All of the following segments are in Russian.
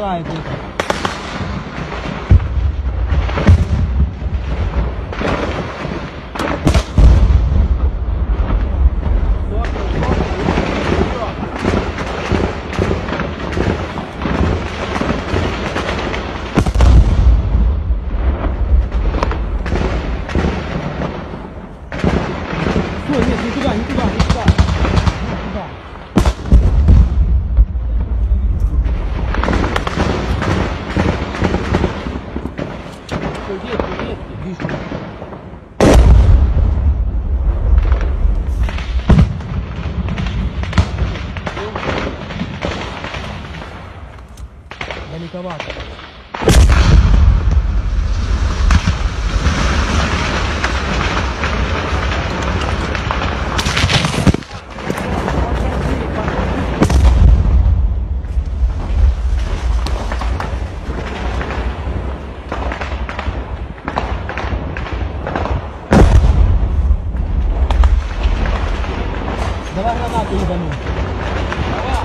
过来一个。不要走，往里边去。过去，你不管，你不管。Далековато. Давай гранату ебану. Давай.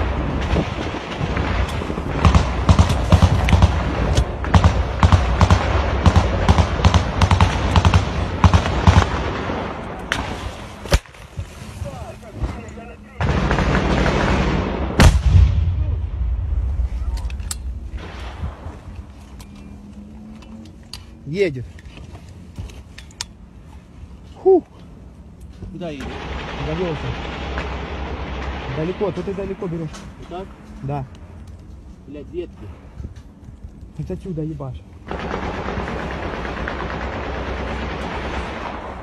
Едет. Фу. Куда едет? Завелся. Далеко, то ты далеко берешь. Вот так? Да. Блядь, ветки. Хоть отсюда ебашь.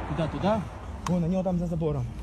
Куда, туда? Вон, они вот там за забором.